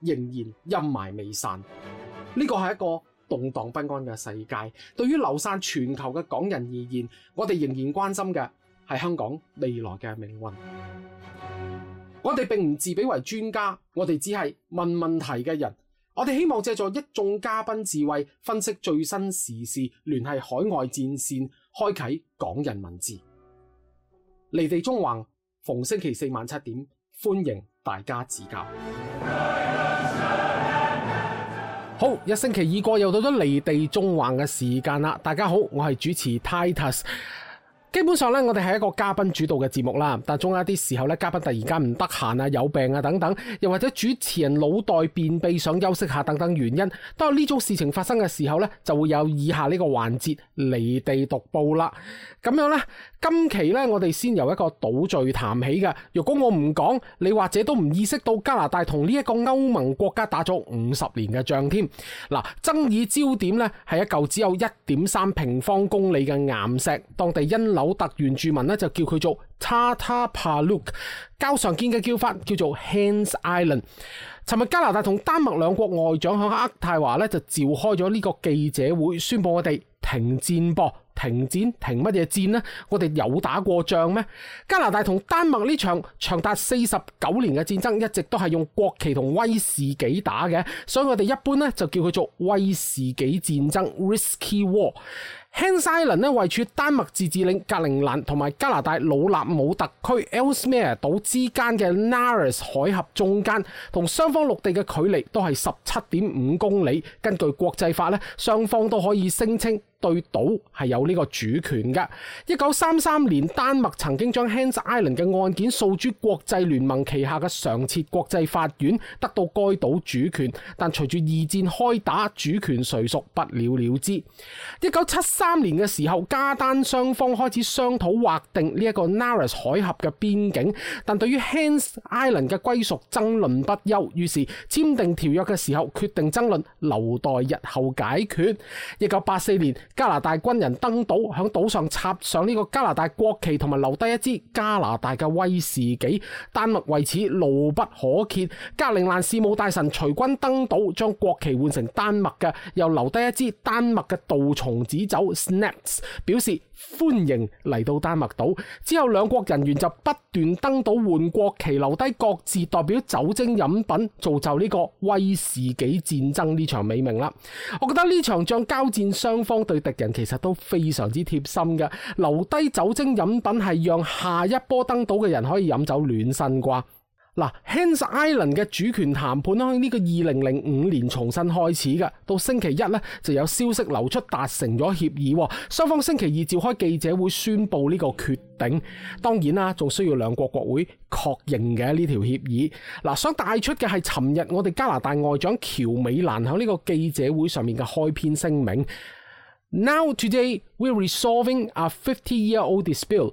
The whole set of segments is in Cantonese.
仍然陰霾未散，呢個係一個動盪不安嘅世界。對於流散全球嘅港人而言，我哋仍然關心嘅係香港未來嘅命運。我哋並唔自比為專家，我哋只係問問題嘅人。我哋希望借助一眾嘉賓智慧，分析最新時事，聯繫海外戰線，開啓港人民智。離地縱橫，逢星期四晚七點，歡迎大家指教。好，一星期已過，又到咗離地縱橫嘅時間啦！大家好，我係主持 Titus。基本上咧，我哋係一個嘉賓主導嘅節目啦。但中間一啲時候咧，嘉賓突然間唔得閒啊、有病啊等等，又或者主持人腦袋便秘想休息下等等原因，當呢種事情發生嘅時候咧，就會有以下呢個環節離地讀報啦。咁樣咧，今期咧我哋先由一個島嶼談起嘅。如果我唔講，你或者都唔意識到加拿大同呢一個歐盟國家打咗五十年嘅仗添。嗱，爭議焦點咧係一舊只有一點三平方公里嘅岩石，當地因紐好特原住民呢，就叫佢做 Tatapaluk，較常見嘅叫法叫做 Hans Island。尋日加拿大同丹麥兩國外長喺渥太華呢，就召開咗呢個記者會，宣布我哋停戰噃，停戰停乜嘢戰呢？我哋有打過仗咩？加拿大同丹麥呢場長達四十九年嘅戰爭，一直都係用國旗同威士忌打嘅，所以我哋一般呢，就叫佢做威士忌戰爭 （Risky War）。Hans Island 位處丹麥自治領格陵蘭同埋加拿大努納武特區 Ellesmere 島之間嘅 Nares 海峽中間，同雙方陸地嘅距離都係十七點五公里。根據國際法咧，雙方都可以聲稱。對島係有呢個主權嘅。一九三三年，丹麥曾經將 Hans Island 嘅案件訴諸國際聯盟旗下嘅常設國際法院，得到該島主權。但隨住二戰開打，主權誰屬不了了之。一九七三年嘅時候，加丹雙方開始商討劃定呢一個 Nares 海峽嘅邊境，但對於 Hans Island 嘅歸屬爭論不休。於是簽訂條約嘅時候，決定爭論留待日後解決。一九八四年。加拿大軍人登島，喺島上插上呢個加拿大國旗，同埋留低一支加拿大嘅威士忌。丹麥為此怒不可遏。格陵蘭事務大臣隨軍登島，將國旗換成丹麥嘅，又留低一支丹麥嘅杜松子酒。Snaps 表示。歡迎嚟到丹麥島之後，兩國人員就不斷登島換國旗，留低各自代表酒精飲品，造就呢個威士忌戰爭呢場美名啦。我覺得呢場仗交戰雙方對敵人其實都非常之貼心嘅，留低酒精飲品係讓下一波登島嘅人可以飲酒暖身啩。嗱，Hans a l l a n d 嘅主權談判喺呢個二零零五年重新開始嘅，到星期一呢就有消息流出達成咗協議，雙方星期二召開記者會宣佈呢個決定。當然啦，仲需要兩國國會確認嘅呢條協議。嗱，想帶出嘅係尋日我哋加拿大外長喬美蘭喺呢個記者會上面嘅開篇聲明。Now today we are resolving our 50-year-old dispute.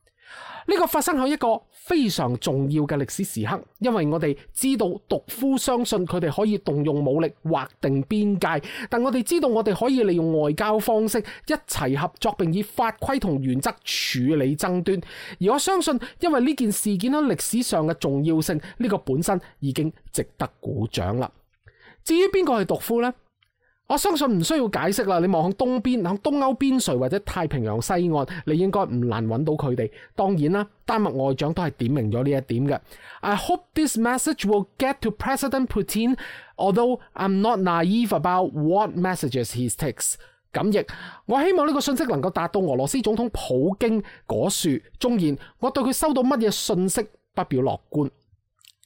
呢個發生喺一個非常重要嘅歷史時刻，因為我哋知道獨夫相信佢哋可以動用武力劃定邊界，但我哋知道我哋可以利用外交方式一齊合作，並以法規同原則處理爭端。而我相信，因為呢件事件喺歷史上嘅重要性，呢、這個本身已經值得鼓掌啦。至於邊個係獨夫呢？我相信唔需要解釋啦。你望向東邊，向東歐邊陲或者太平洋西岸，你應該唔難揾到佢哋。當然啦，丹麥外長都係點明咗呢一點嘅。I hope this message will get to President Putin, although I'm not naive about what messages he takes。咁亦我希望呢個信息能夠達到俄羅斯總統普京嗰處。縱然我對佢收到乜嘢信息不表樂觀。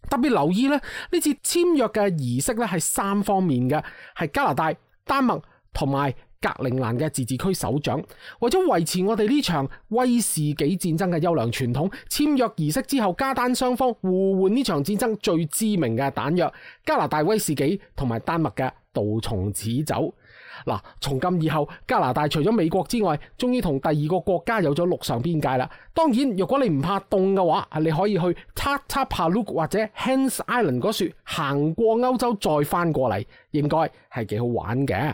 特別留意呢，呢次簽約嘅儀式呢係三方面嘅，係加拿大。丹麥同埋格陵蘭嘅自治區首長為咗維持我哋呢場威士忌戰爭嘅優良傳統，簽約儀式之後加丹雙方互換呢場戰爭最知名嘅彈藥，加拿大威士忌同埋丹麥嘅杜松子酒。嗱，從今以後加拿大除咗美國之外，終於同第二個國家有咗陸上邊界啦。當然，如果你唔怕凍嘅話，你可以去 Tartapaluk 或者 Hans Island 嗰度行過歐洲再翻過嚟，應該係幾好玩嘅。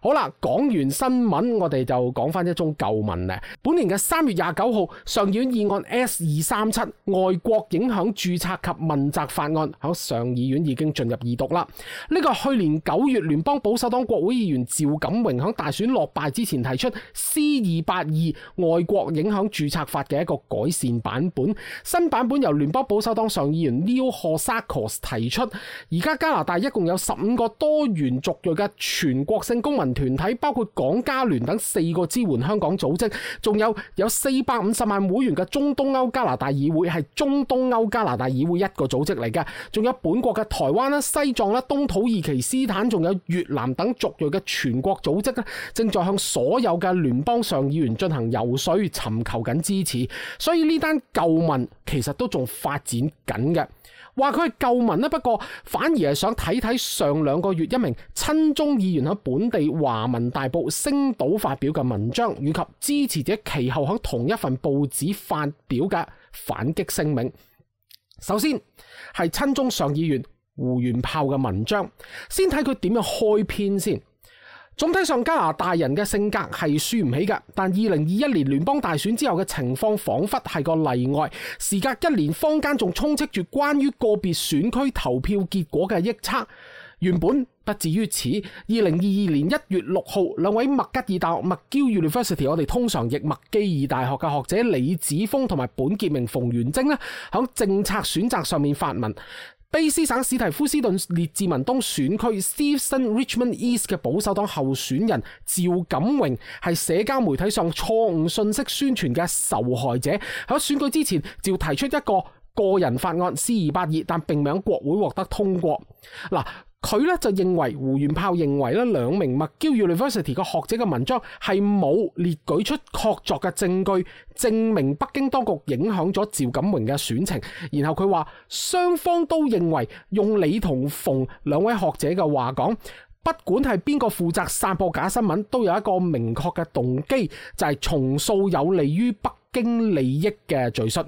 好啦，講完新聞，我哋就講翻一宗舊聞咧。本年嘅三月廿九號，上議院議案 S 二三七《外國影響注冊及問責法案》響上議院已經進入二讀啦。呢、這個去年九月聯邦保守黨國會議員趙錦榮響大選落敗之前提出 C 二八二《外國影響注冊法》嘅一個改善版本，新版本由聯邦保守黨上議員 Leo Housakos 提出。而家加拿大一共有十五個多元族裔嘅全國性公民。團體包括港加聯等四個支援香港組織，仲有有四百五十萬會員嘅中東歐加拿大議會，係中東歐加拿大議會一個組織嚟嘅，仲有本國嘅台灣啦、西藏啦、東土耳其斯坦，仲有越南等族裔嘅全國組織咧，正在向所有嘅聯邦上議員進行游說，尋求緊支持，所以呢單舊民其實都仲發展緊嘅。話佢係舊聞啦，不過反而係想睇睇上兩個月一名親中議員喺本地華文大報《星島》發表嘅文章，以及支持者其後喺同一份報紙發表嘅反擊聲明。首先係親中上議員胡元炮嘅文章，先睇佢點樣開篇先。總體上加拿大人嘅性格係輸唔起噶，但二零二一年聯邦大選之後嘅情況仿佛係個例外。時隔一年，坊間仲充斥住關於個別選區投票結果嘅臆測。原本不至於此，二零二二年一月六號，兩位麥吉爾大學麥嬌 University，我哋通常亦麥基爾大學嘅學者李子峰同埋本傑明馮元貞呢，喺政策選擇上面發文。卑斯省史提夫斯頓列治文東選區 Steveston Richmond East 嘅保守黨候選人趙錦榮係社交媒體上錯誤信息宣傳嘅受害者。喺選舉之前，趙提出一個個人法案 C 二八二，但並未喺國會獲得通過。嗱。佢咧就認為胡元炮認為咧兩名麥膠 University 個學者嘅文章係冇列舉出確鑿嘅證據證明北京當局影響咗趙錦榮嘅選情。然後佢話雙方都認為用李同鳳兩位學者嘅話講，不管係邊個負責散播假新聞，都有一個明確嘅動機，就係、是、重塑有利於北京利益嘅敘述。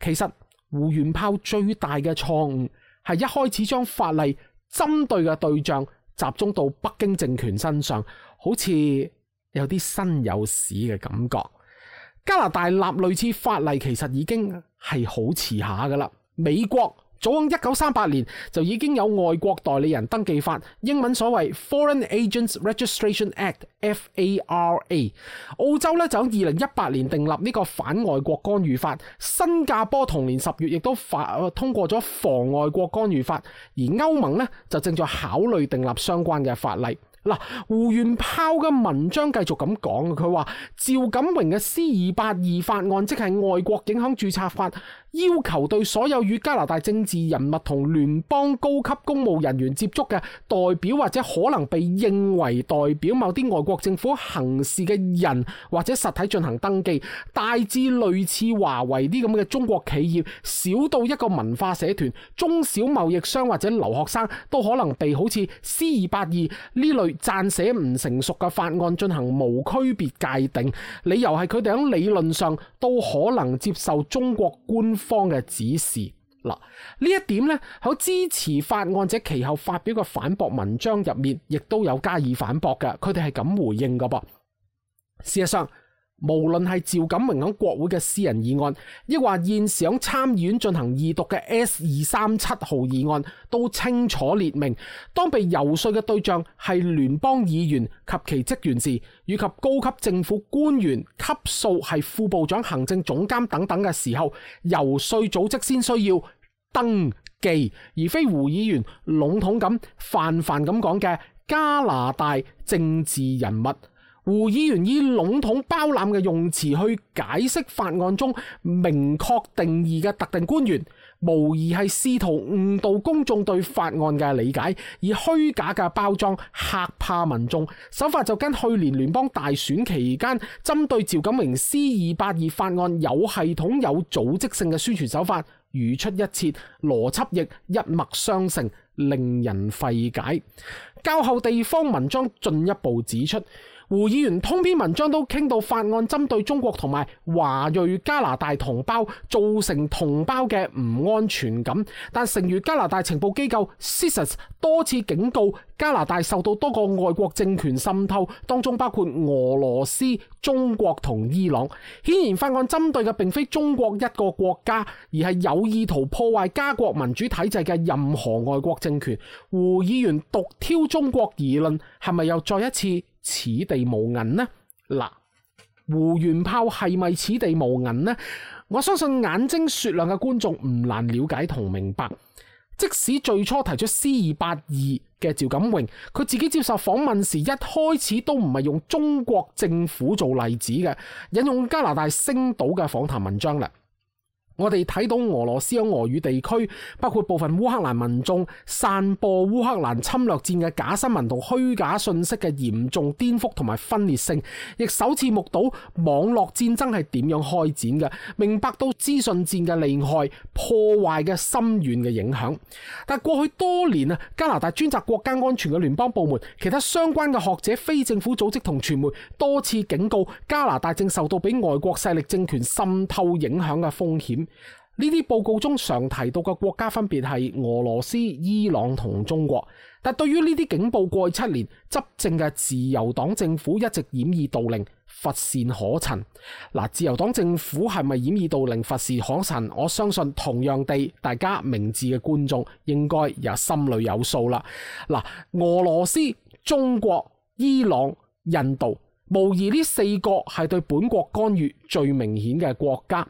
其實胡元炮最大嘅錯誤係一開始將法例。針對嘅對象集中到北京政權身上，好似有啲身有屎嘅感覺。加拿大立類似法例其實已經係好遲下㗎喇，美國。早一九三八年就已經有外國代理人登記法，英文所謂 Foreign Agents Registration Act（FARA）。澳洲咧就喺二零一八年訂立呢個反外國干預法。新加坡同年十月亦都發、啊、通過咗防外國干預法。而歐盟呢就正在考慮訂立相關嘅法例。嗱、啊，胡元炮嘅文章繼續咁講，佢話趙錦榮嘅 C 二八二法案即係外國影響注冊法。要求對所有與加拿大政治人物同聯邦高級公務人員接觸嘅代表或者可能被認為代表某啲外國政府行事嘅人或者實體進行登記，大致類似華為啲咁嘅中國企業，少到一個文化社團、中小貿易商或者留學生，都可能被好似 C 二八二呢類撰寫唔成熟嘅法案進行無區別界定，理由係佢哋喺理論上都可能接受中國官方嘅指示嗱，呢一點咧，喺支持法案者其後發表嘅反駁文章入面，亦都有加以反駁嘅。佢哋係咁回應噶噃，事實上。無論係趙錦明喺國會嘅私人議案，亦或現時喺參議院進行二讀嘅 S 二三七號議案，都清楚列明：當被游說嘅對象係聯邦議員及其職員時，以及高級政府官員級數係副部長、行政總監等等嘅時候，游說組織先需要登記，而非胡議員籠統咁泛泛咁講嘅加拿大政治人物。胡議員以籠統包攬嘅用詞去解釋法案中明確定義嘅特定官員，無疑係試圖誤導公眾對法案嘅理解，以虛假嘅包裝嚇怕民眾。手法就跟去年聯邦大選期間針對趙錦榮 C 二八二法案有系統有組織性嘅宣傳手法，如出一轍，邏輯亦一脈相承，令人費解。較後地方文章進一步指出。胡議員通篇文章都傾到法案針對中國同埋華裔加拿大同胞造成同胞嘅唔安全感，但誠如加拿大情報機構 CSIS 多次警告加拿大受到多個外國政權滲透，當中包括俄羅斯、中國同伊朗。顯然法案針對嘅並非中國一個國家，而係有意圖破壞加國民主體制嘅任何外國政權。胡議員獨挑中國疑論，係咪又再一次？此地無銀呢？嗱，胡元豹係咪此地無銀呢？我相信眼睛雪亮嘅觀眾唔難了解同明白。即使最初提出 C 二八二嘅趙錦榮，佢自己接受訪問時一開始都唔係用中國政府做例子嘅，引用加拿大星島嘅訪談文章啦。我哋睇到俄羅斯響俄語地區，包括部分烏克蘭民眾散播烏克蘭侵略戰嘅假新聞同虛假信息嘅嚴重顛覆同埋分裂性，亦首次目睹網絡戰爭係點樣開展嘅，明白到資訊戰嘅厲害，破壞嘅深遠嘅影響。但過去多年啊，加拿大專責國家安全嘅聯邦部門、其他相關嘅學者、非政府組織同傳媒多次警告，加拿大正受到俾外國勢力政權滲透影響嘅風險。呢啲報告中常提到嘅國家分別係俄羅斯、伊朗同中國，但對於呢啲警報，過去七年執政嘅自由黨政府一直掩耳盜鈴、乏善可陳。嗱，自由黨政府係咪掩耳盜鈴、乏善可陳？我相信同樣地，大家明智嘅觀眾應該也心裏有數啦。嗱，俄羅斯、中國、伊朗、印度。無疑呢四國係對本國干預最明顯嘅國家，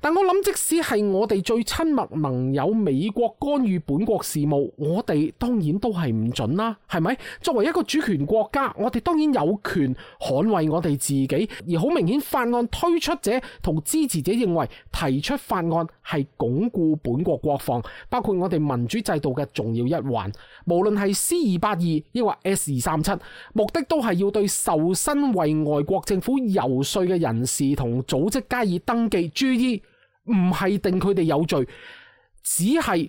但我諗即使係我哋最親密盟友美國干預本國事務，我哋當然都係唔准啦，係咪？作為一個主權國家，我哋當然有權捍衛我哋自己，而好明顯法案推出者同支持者認為提出法案係鞏固本國國防，包括我哋民主制度嘅重要一環。無論係 C 二八二，抑或 S 二三七，目的都係要對受身。為外國政府遊說嘅人士同組織加以登記，注意唔係定佢哋有罪，只係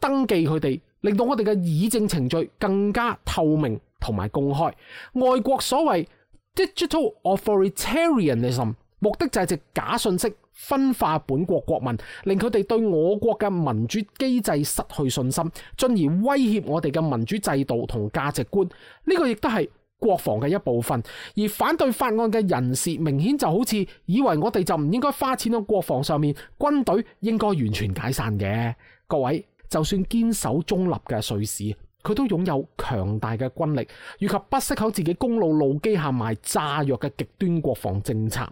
登記佢哋，令到我哋嘅議政程序更加透明同埋公開。外國所謂 digital authoritarianism，目的就係藉假信息分化本國國民，令佢哋對我國嘅民主機制失去信心，進而威脅我哋嘅民主制度同價值觀。呢個亦都係。國防嘅一部分，而反對法案嘅人士明顯就好似以為我哋就唔應該花錢喺國防上面，軍隊應該完全解散嘅。各位，就算堅守中立嘅瑞士，佢都擁有強大嘅軍力，以及不適合自己公路路基下埋炸藥嘅極端國防政策。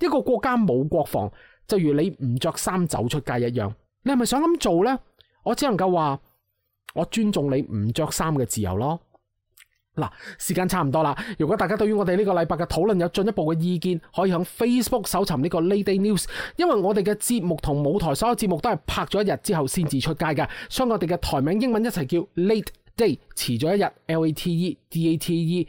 一個國家冇國防，就如你唔着衫走出街一樣。你係咪想咁做呢？我只能夠話，我尊重你唔着衫嘅自由咯。嗱，時間差唔多啦。如果大家對於我哋呢個禮拜嘅討論有進一步嘅意見，可以喺 Facebook 搜尋呢個 Late Date News。因為我哋嘅節目同舞台所有節目都係拍咗一日之後先至出街嘅，所以我哋嘅台名英文一齊叫 Late Date，遲咗一日，L A T E D A T E。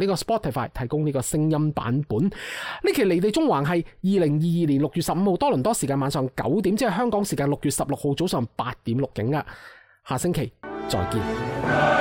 呢個 Spotify 提供呢個聲音版本。呢期離地縱橫係二零二二年六月十五號多倫多時間晚上九點，即係香港時間六月十六號早上八點錄影啦。下星期再見。